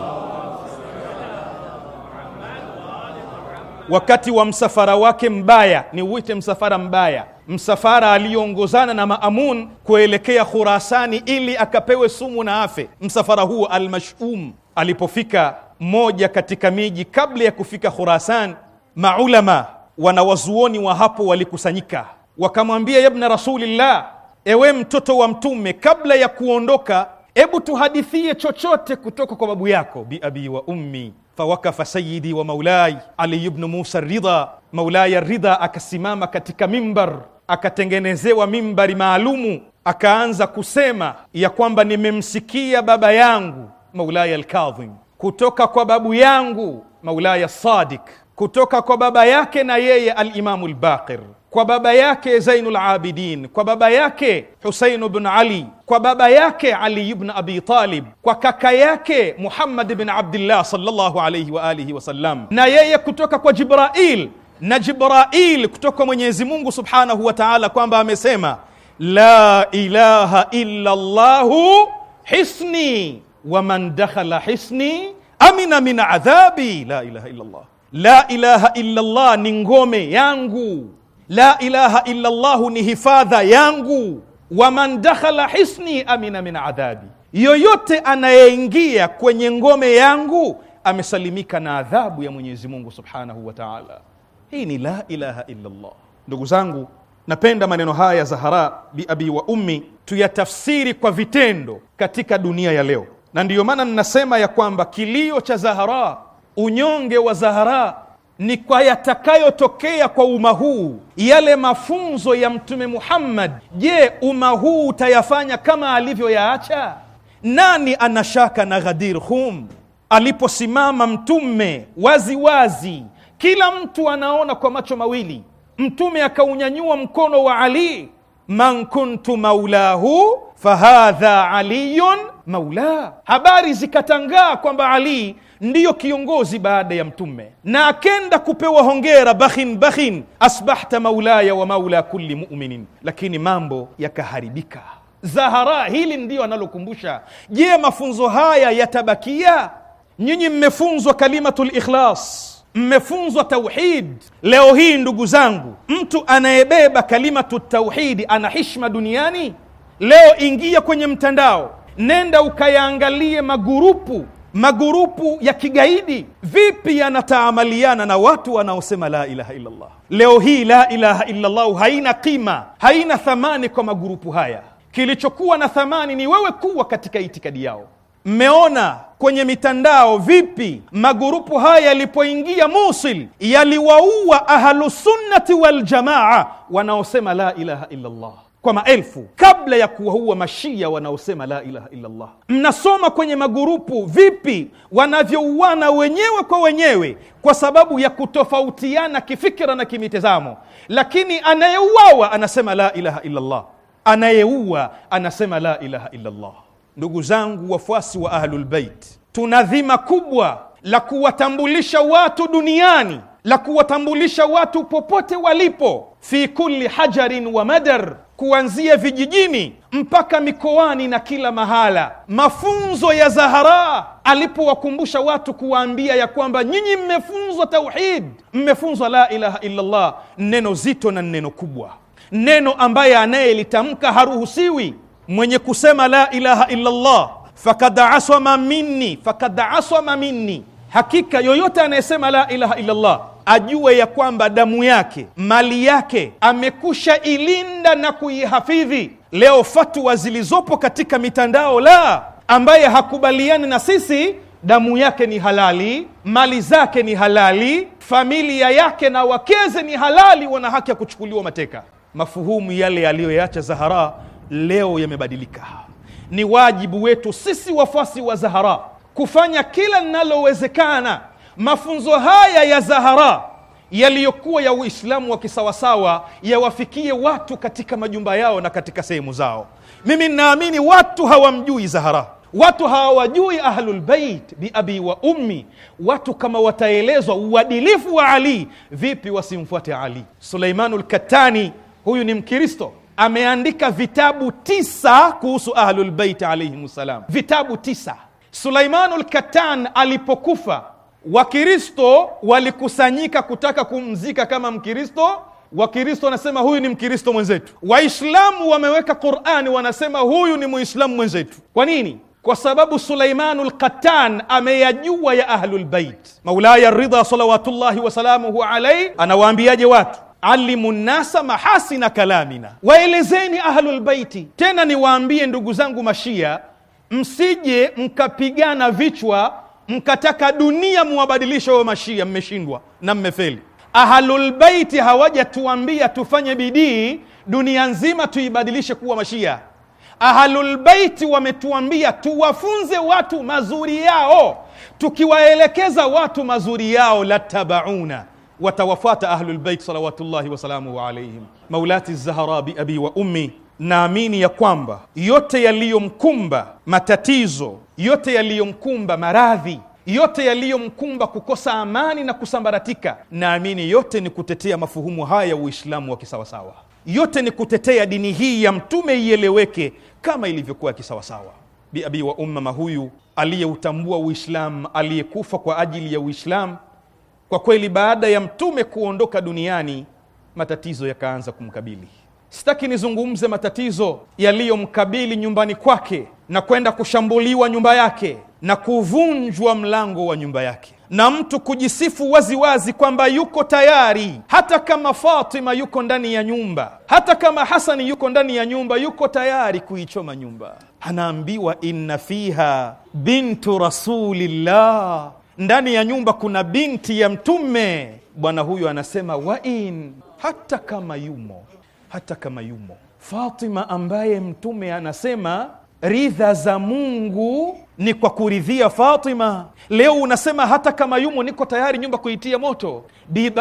wakati wa msafara wake mbaya, ni uite msafara mbaya, msafara aliyoongozana na Maamun kuelekea Khurasani ili akapewe sumu na afe. Msafara huo Almashum alipofika moja katika miji kabla ya kufika Khurasan, maulama wanawazuoni wa hapo walikusanyika wakamwambia yabna rasulillah, ewe mtoto wa Mtume, kabla ya kuondoka, hebu tuhadithie chochote kutoka kwa babu yako. biabi wa ummi fawakafa sayidi wa maulai Ali bnu Musa Ridha. Maulaya Ridha akasimama katika mimbar, akatengenezewa mimbari maalumu, akaanza kusema ya kwamba nimemsikia baba yangu Maulaya Alkadhim kutoka kwa babu yangu Maulaya Sadik kutoka kwa baba yake na yeye Alimamu Lbaqir kwa baba yake Zainul Abidin, kwa baba yake Husein bn Ali, kwa baba yake Ali ibn Abi Talib, kwa kaka yake Muhammad bn Abdillah sallallahu alayhi wa alihi wasallam, na yeye kutoka kwa Jibrail na Jibrail kutoka kwa Mwenyezi Mungu subhanahu wa taala, kwamba amesema la ilaha illa llahu hisni wa man dakhala hisni amina min adhabi. La ilaha illa llah, la ilaha illa llah ni ngome yangu la ilaha illa llahu ni hifadha yangu, wa man dakhala hisni amina min adhabi, yoyote anayeingia kwenye ngome yangu amesalimika na adhabu ya Mwenyezi Mungu subhanahu wa taala. Hii ni la ilaha illa llah. Ndugu zangu, napenda maneno haya Zahara bi abi wa ummi tuyatafsiri kwa vitendo katika dunia ya leo, na ndiyo maana ninasema ya kwamba kilio cha Zahara, unyonge wa Zahara ni kwa yatakayotokea kwa umma huu, yale mafunzo ya Mtume Muhammad. Je, umma huu utayafanya kama alivyoyaacha? Nani ana shaka na Ghadir Hum? Aliposimama Mtume waziwazi wazi, kila mtu anaona kwa macho mawili. Mtume akaunyanyua mkono wa Ali, man kuntu maulahu fahadha aliyun maula. Habari zikatangaa kwamba Ali ndiyo kiongozi baada ya Mtume, na akenda kupewa hongera, bakhin bakhin, asbahta maulaya wa maula kulli muminin, lakini mambo yakaharibika. Zahara hili ndiyo analokumbusha. Je, mafunzo haya yatabakia? Nyinyi mmefunzwa kalimatu likhlas mmefunzwa tauhid. Leo hii ndugu zangu, mtu anayebeba kalimatu tauhidi ana hishma duniani? Leo ingia kwenye mtandao, nenda ukayaangalie magurupu magurupu ya kigaidi vipi yanataamaliana na watu wanaosema la ilaha illallah? Leo hii la ilaha illallahu haina qima, haina thamani kwa magurupu haya. Kilichokuwa na thamani ni wewe kuwa katika itikadi yao. Mmeona kwenye mitandao vipi magurupu haya yalipoingia Mosul yaliwaua ahlusunnati waljamaa wanaosema la ilaha illallah kwa maelfu kabla ya kuwaua mashia wanaosema la ilaha illallah. Mnasoma kwenye magurupu vipi wanavyouana wenyewe kwa wenyewe kwa sababu ya kutofautiana kifikira na kimitazamo, lakini anayeuawa anasema la ilaha illallah, anayeua anasema la ilaha illallah. Ndugu zangu wafuasi wa Ahlulbeit, tuna dhima kubwa la kuwatambulisha watu duniani, la kuwatambulisha watu popote walipo, fi kulli hajarin wa madar kuanzia vijijini mpaka mikoani na kila mahala. Mafunzo ya Zahara alipowakumbusha watu kuwaambia ya kwamba nyinyi mmefunzwa tauhid, mmefunzwa la ilaha illallah, neno zito na neno kubwa, neno ambaye anayelitamka haruhusiwi. Mwenye kusema la ilaha illallah fakad aswama minni, fakad aswama minni, hakika yoyote anayesema la ilaha illallah ajue ya kwamba damu yake, mali yake amekusha ilinda na kuihafidhi. Leo fatwa zilizopo katika mitandao, la ambaye hakubaliani na sisi damu yake ni halali, mali zake ni halali, familia yake na wakeze ni halali, wana haki ya kuchukuliwa mateka. Mafuhumu yale yaliyoyaacha Zahara leo yamebadilika. Ni wajibu wetu sisi wafuasi wa Zahara kufanya kila linalowezekana mafunzo haya ya Zahara yaliyokuwa ya Uislamu wa kisawasawa yawafikie watu katika majumba yao na katika sehemu zao. Mimi ninaamini watu hawamjui Zahara, watu hawawajui Ahlulbeit biabi wa ummi. Watu kama wataelezwa uadilifu wa Ali, vipi wasimfuate Ali? Suleimanu Lkatani, huyu ni Mkristo, ameandika vitabu tisa kuhusu Ahlulbeit alaihim ssalam, vitabu tisa. suleimanu Lkatan alipokufa Wakristo walikusanyika kutaka kumzika kama Mkristo. Wakristo wanasema huyu ni Mkristo mwenzetu. Waislamu wameweka Qurani, wanasema huyu ni Muislamu mwenzetu. Kwa nini? Kwa sababu Sulaimanu Lqatan ameyajua ya Ahlulbait. Maulaya Ridha salawatullahi wasalamuhu alaihi anawaambiaje watu Alimu nnasa mahasina kalamina, waelezeni ahlulbaiti. Tena niwaambie ndugu zangu Mashia, msije mkapigana vichwa mkataka dunia mwabadilisha wa mashia, mmeshindwa na mmefeli. Ahlulbeiti hawajatuambia tufanye bidii dunia nzima tuibadilishe kuwa mashia. Ahlulbeiti wametuambia tuwafunze watu mazuri yao, tukiwaelekeza watu mazuri yao latabauna watawafuata Ahlulbeit salawatullahi wasalamuhu alaihim. Maulati Zahara bi abi wa ummi, naamini ya kwamba yote yaliyomkumba matatizo yote yaliyomkumba maradhi, yote yaliyomkumba kukosa amani na kusambaratika, naamini yote ni kutetea mafuhumu haya Uislamu wa kisawasawa, yote ni kutetea dini hii ya Mtume ieleweke kama ilivyokuwa kisawasawa. Biabi wa ummama huyu aliyeutambua Uislamu, aliyekufa kwa ajili ya Uislamu, kwa kweli baada ya Mtume kuondoka duniani matatizo yakaanza kumkabili. Sitaki nizungumze matatizo yaliyomkabili nyumbani kwake na kwenda kushambuliwa nyumba yake na kuvunjwa mlango wa nyumba yake na mtu kujisifu waziwazi kwamba yuko tayari, hata kama Fatima yuko ndani ya nyumba, hata kama Hasani yuko ndani ya nyumba, yuko tayari kuichoma nyumba. Anaambiwa inna fiha bintu rasulillah, ndani ya nyumba kuna binti ya Mtume. Bwana huyu anasema wain, hata kama yumo, hata kama yumo Fatima ambaye Mtume anasema ridha za Mungu ni kwa kuridhia Fatima. Leo unasema hata kama yumo, niko tayari nyumba kuitia moto.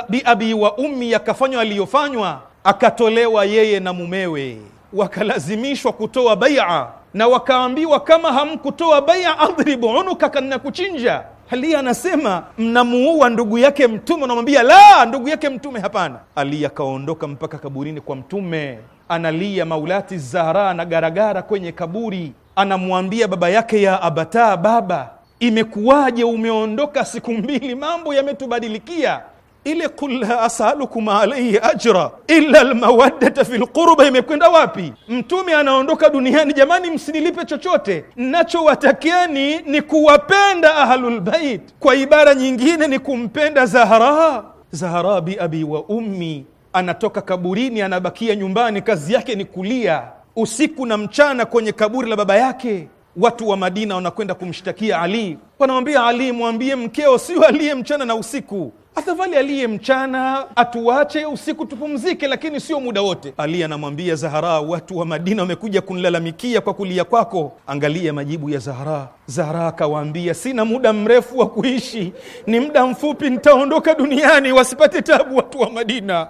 Biabi wa ummi akafanywa aliyofanywa, akatolewa yeye na mumewe, wakalazimishwa kutoa baia na wakaambiwa, kama hamkutoa baia adhribu unuka kana kuchinja. Ali anasema mnamuua ndugu yake Mtume, unamwambia la, ndugu yake Mtume hapana. Ali akaondoka mpaka kaburini kwa Mtume analia Maulati Zahra na garagara kwenye kaburi, anamwambia baba yake ya Abata, baba, imekuwaje umeondoka siku mbili, mambo yametubadilikia. Ile qul la asalukum alaihi ajra illa lmawaddata fi lqurba imekwenda wapi? Mtume anaondoka duniani, jamani, msinilipe chochote, nachowatakieni ni kuwapenda Ahlulbait. Kwa ibara nyingine ni kumpenda Zahra. Zahra bi abi wa ummi anatoka kaburini, anabakia nyumbani, kazi yake ni kulia usiku na mchana kwenye kaburi la baba yake. Watu wa Madina wanakwenda kumshtakia Ali, wanamwambia Ali, mwambie mkeo sio aliye mchana na usiku, afadhali aliye mchana atuache usiku tupumzike, lakini sio muda wote. Ali anamwambia Zahara, watu wa Madina wamekuja kunilalamikia kwa kulia kwako. Angalia majibu ya Zahara. Zahara akawaambia, sina muda mrefu wa kuishi, ni muda mfupi, nitaondoka duniani, wasipate tabu watu wa Madina.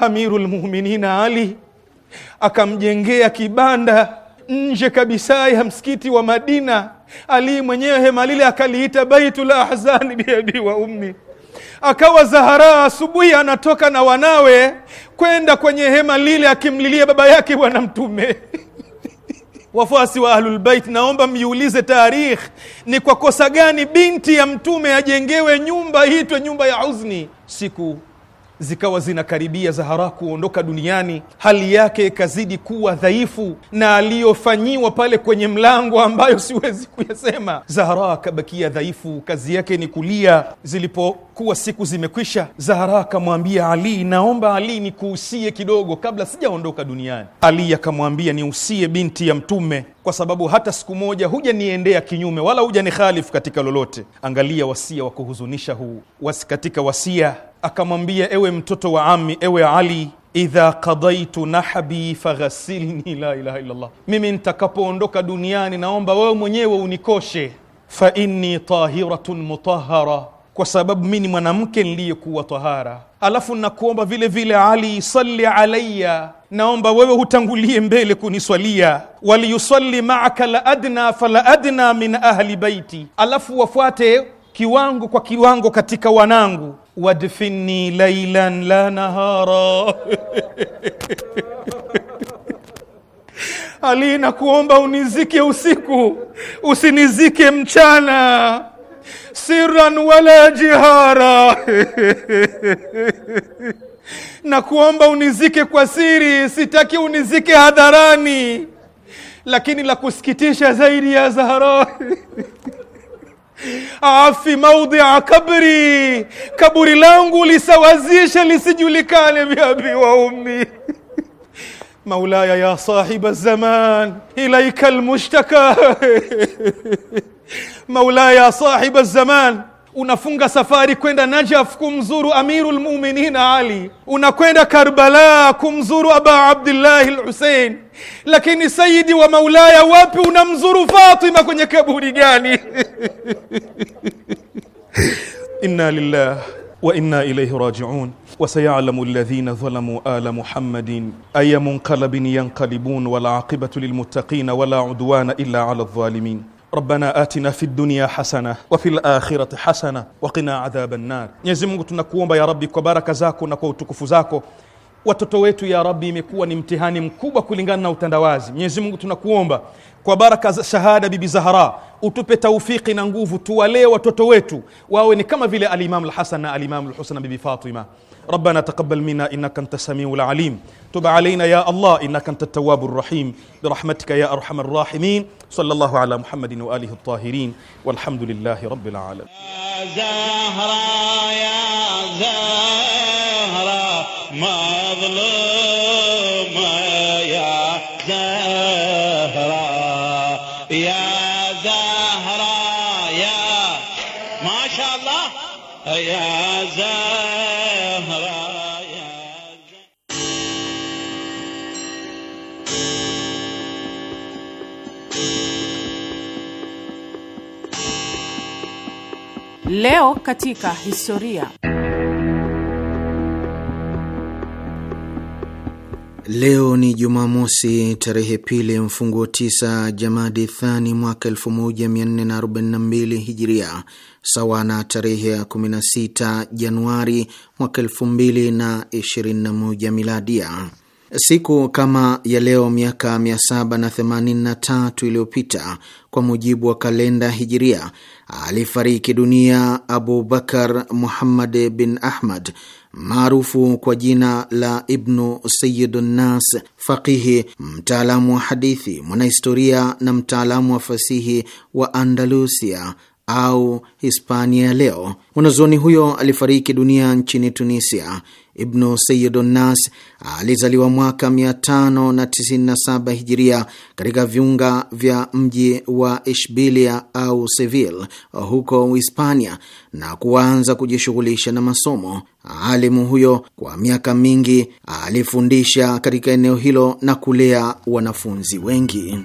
Amirul Muuminina Ali akamjengea kibanda nje kabisa ya msikiti wa Madina. Ali mwenyewe hema lile akaliita Baitul Ahzani biabi wa ummi. Akawa Zahara asubuhi anatoka na wanawe kwenda kwenye hema lile akimlilia baba yake Bwana Mtume. Wafuasi wa Ahlulbait, naomba mjiulize, tarikh ni kwa kosa gani binti ya Mtume ajengewe nyumba iitwe nyumba ya huzni siku zikawa zinakaribia Zahara kuondoka duniani, hali yake ikazidi kuwa dhaifu, na aliyofanyiwa pale kwenye mlango ambayo siwezi kuyasema. Zahara akabakia dhaifu, kazi yake ni kulia. Zilipokuwa siku zimekwisha, Zahara akamwambia Ali, naomba Ali nikuusie kidogo kabla sijaondoka duniani. Ali akamwambia, niusie binti ya Mtume, kwa sababu hata siku moja hujaniendea kinyume wala hujanihalifu katika lolote. Angalia wasia wa kuhuzunisha huu, wasi katika wasia akamwambia, ewe mtoto wa ami, ewe Ali, idha qadaitu nahbi faghasilni. La ilaha illallah, mimi nitakapoondoka duniani naomba wewe mwenyewe unikoshe. Fa inni tahiratun mutahara, kwa sababu mi ni mwanamke niliyekuwa tahara. Alafu nakuomba vile vile, Ali, salli alaya, naomba wewe hutangulie mbele kuniswalia. Waliyusalli maaka la adna fala adna min ahli baiti, alafu wafuate kiwango kwa kiwango katika wanangu, wadfinni lailan la nahara Ali, nakuomba unizike usiku, usinizike mchana, sirran wala jihara nakuomba unizike kwa siri, sitaki unizike hadharani. Lakini la kusikitisha zaidi ya Zahra في موضع قبري kaburi langu lisawazishe lisijulikane vya abi wa ummi مولاي يا صاحب الزمان إليك المشتكى مولاي يا صاحب الزمان unafunga safari kwenda Najaf kumzuru Amiru lmuminin Ali, unakwenda Karbala kumzuru Aba Abdillahi Lhusein, lakini sayidi wa maulaya wapi? Unamzuru Fatima kwenye kaburi gani? inna lillah wa inna ilaihi rajiun وسيعلم الذين ظلموا آل محمد أي منقلب ينقلبون والعاقبة للمتقين ولا عدوان إلا على الظالمين Rabbana atina fi dunya hasana wa fi akhirati hasana waqina qina adhaban nar. Mwenyezi Mungu tunakuomba ya Rabbi, kwa baraka zako na kwa utukufu zako watoto wetu ya Rabbi, imekuwa ni mtihani mkubwa kulingana na utandawazi. Mwenyezi Mungu tunakuomba kwa baraka za shahada Bibi Zahara utupe taufiki na nguvu, tuwalee watoto wetu wawe ni kama vile Alimamu Lhasan na Alimamu Lhusan na Bibi Fatima. ربنا تقبل منا إنك أنت السميع العليم تب علينا يا الله إنك أنت التواب الرحيم برحمتك يا أرحم الراحمين صلى الله على محمد وآله الطاهرين والحمد لله رب العالمين يا زهرة يا زهرة Leo katika historia. Leo ni Jumamosi, tarehe pili wa tisa Jamadi Thani mwaka 1442 Hijiria, sawa na tarehe ya 16 Januari mwaka 2021 Miladia. Siku kama ya leo miaka 783 iliyopita kwa mujibu wa kalenda Hijiria, alifariki dunia Abu Bakar Muhammad bin Ahmad maarufu kwa jina la Ibnu Sayid Nas, faqihi, mtaalamu wa hadithi, mwanahistoria na mtaalamu wa fasihi wa Andalusia au Hispania leo. Mwanazuoni huyo alifariki dunia nchini Tunisia Ibnu Sayyidun Nas alizaliwa mwaka 597 hijiria katika viunga vya mji wa Ishbilia au Seville huko hispania na kuanza kujishughulisha na masomo. Alimu huyo kwa miaka mingi alifundisha katika eneo hilo na kulea wanafunzi wengi.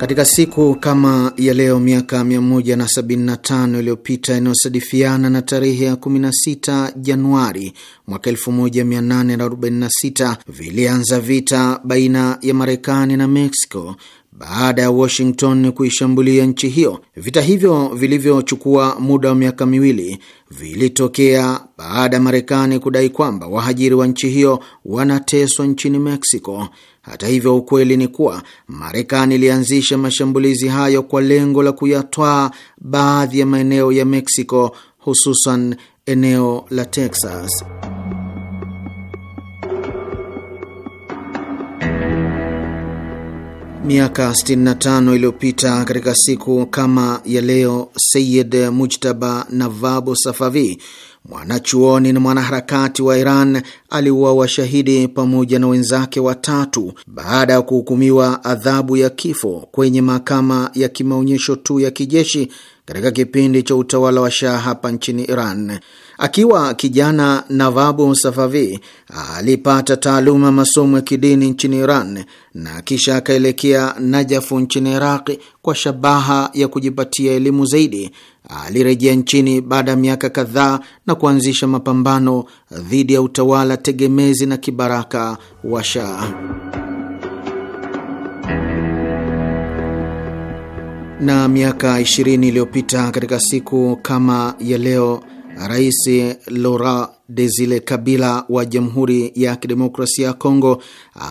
Katika siku kama ya leo miaka 175 iliyopita inayosadifiana na tarehe ya 16 Januari mwaka 1846 vilianza vita baina ya Marekani na Mexico baada ya Washington kuishambulia nchi hiyo. Vita hivyo vilivyochukua muda wa miaka miwili vilitokea baada ya Marekani kudai kwamba wahajiri wa nchi hiyo wanateswa nchini Mexico. Hata hivyo, ukweli ni kuwa Marekani ilianzisha mashambulizi hayo kwa lengo la kuyatwaa baadhi ya maeneo ya Mexico, hususan eneo la Texas. Miaka 65 iliyopita katika siku kama ya leo, Sayid Mujtaba Navabu Safavi, mwanachuoni na mwanaharakati wa Iran, aliuawa shahidi pamoja na wenzake watatu baada ya kuhukumiwa adhabu ya kifo kwenye mahakama ya kimaonyesho tu ya kijeshi katika kipindi cha utawala wa Shah hapa nchini Iran. Akiwa kijana Navabu Safavi alipata taaluma masomo ya kidini nchini Iran na kisha akaelekea Najafu nchini Iraqi. Kwa shabaha ya kujipatia elimu zaidi, alirejea nchini baada ya miaka kadhaa na kuanzisha mapambano dhidi ya utawala tegemezi na kibaraka wa Shah. Na miaka 20 iliyopita katika siku kama ya leo Rais Laurent Desile Kabila wa Jamhuri ya Kidemokrasia ya Kongo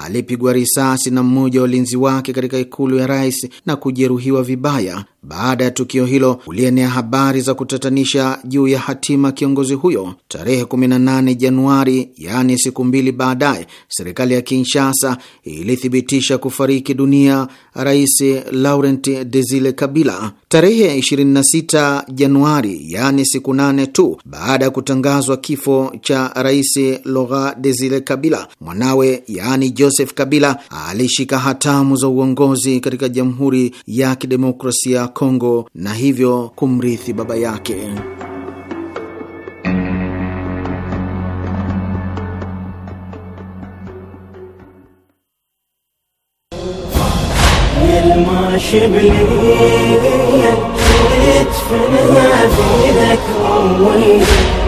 alipigwa risasi na mmoja wa ulinzi wake katika ikulu ya rais na kujeruhiwa vibaya. Baada ya tukio hilo, kulienea habari za kutatanisha juu ya hatima kiongozi huyo. Tarehe 18 Januari, yaani siku mbili baadaye, serikali ya Kinshasa ilithibitisha kufariki dunia Rais Laurent Desile Kabila. Tarehe 26 Januari, yaani siku nane tu baada ya kutangazwa kifo cha Rais Laurent Desire Kabila, mwanawe yaani Joseph Kabila alishika hatamu za uongozi katika Jamhuri ya Kidemokrasia ya Kongo na hivyo kumrithi baba yake. في بيدك أمي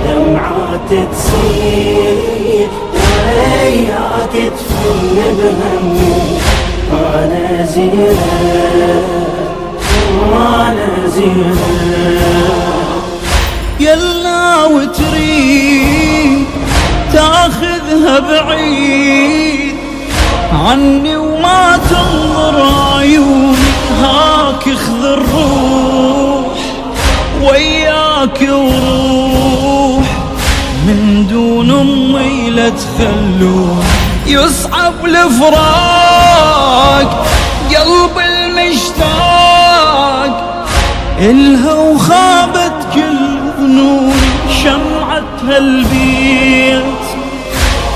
دمعات تصير وياك تفن بهمي أنا زينة أنا زينة يلا وتريد تاخذها بعيد عني وما تنظر عيوني وياك خذ الروح وياك وروح من دون امي لا تخلون يصعب الفراق قلب المشتاق الها وخابت كل ظنون شمعتها البيت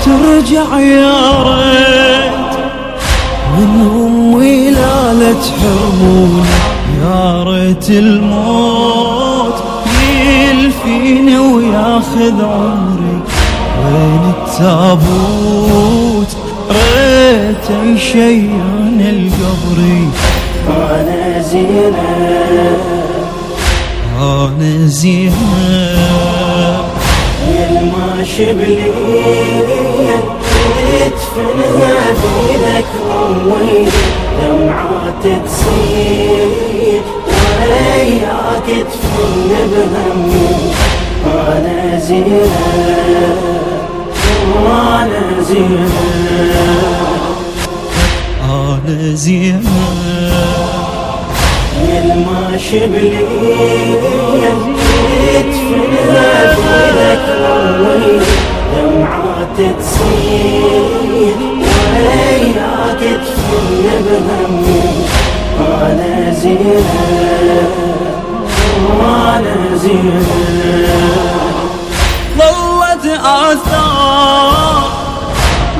ترجع يا ريت من أمي لا لا تحرموني يا ريت الموت يلفيني وياخذ عمري وين التابوت ريت أي شيان القبر أنا زينة أنا زينة الماشي بليلي تدفنها في ذكري دمعات تصيح وياك تفن بهمي وانا زينة وانا زينة انا زينة يلما شبلي تدفنها في ذكري دمعات تصير عينك تفل بهمي وانا زينة وانا زينة ضوت آثار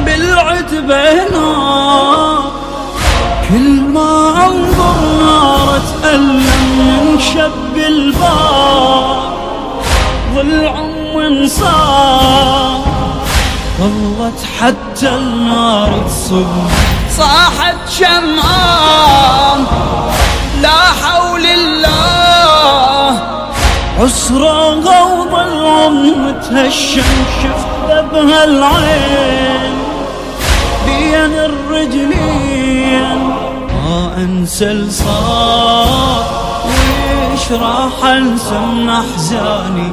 بالعتبة نار كل ما انظر نار اتألم من شب البار ظل عم صار ظلت حتى النار تصب صاحت شمعان لا حول الله عسرى غوض العم تهشم شفت العين بين الرجلين ما انسى الصار ليش راح انسى احزاني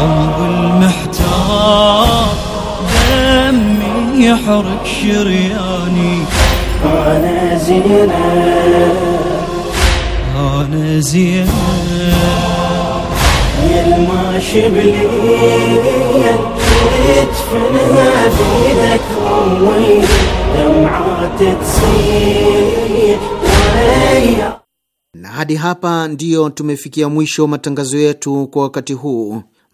قلب المحتار دمي يحرق شرياني أنا زينب أنا زينب يلماشي بليل تدفنها بيدك امي دمعات تسيل ويا na hadi hapa ndiyo tumefikia mwisho matangazo yetu kwa wakati huu.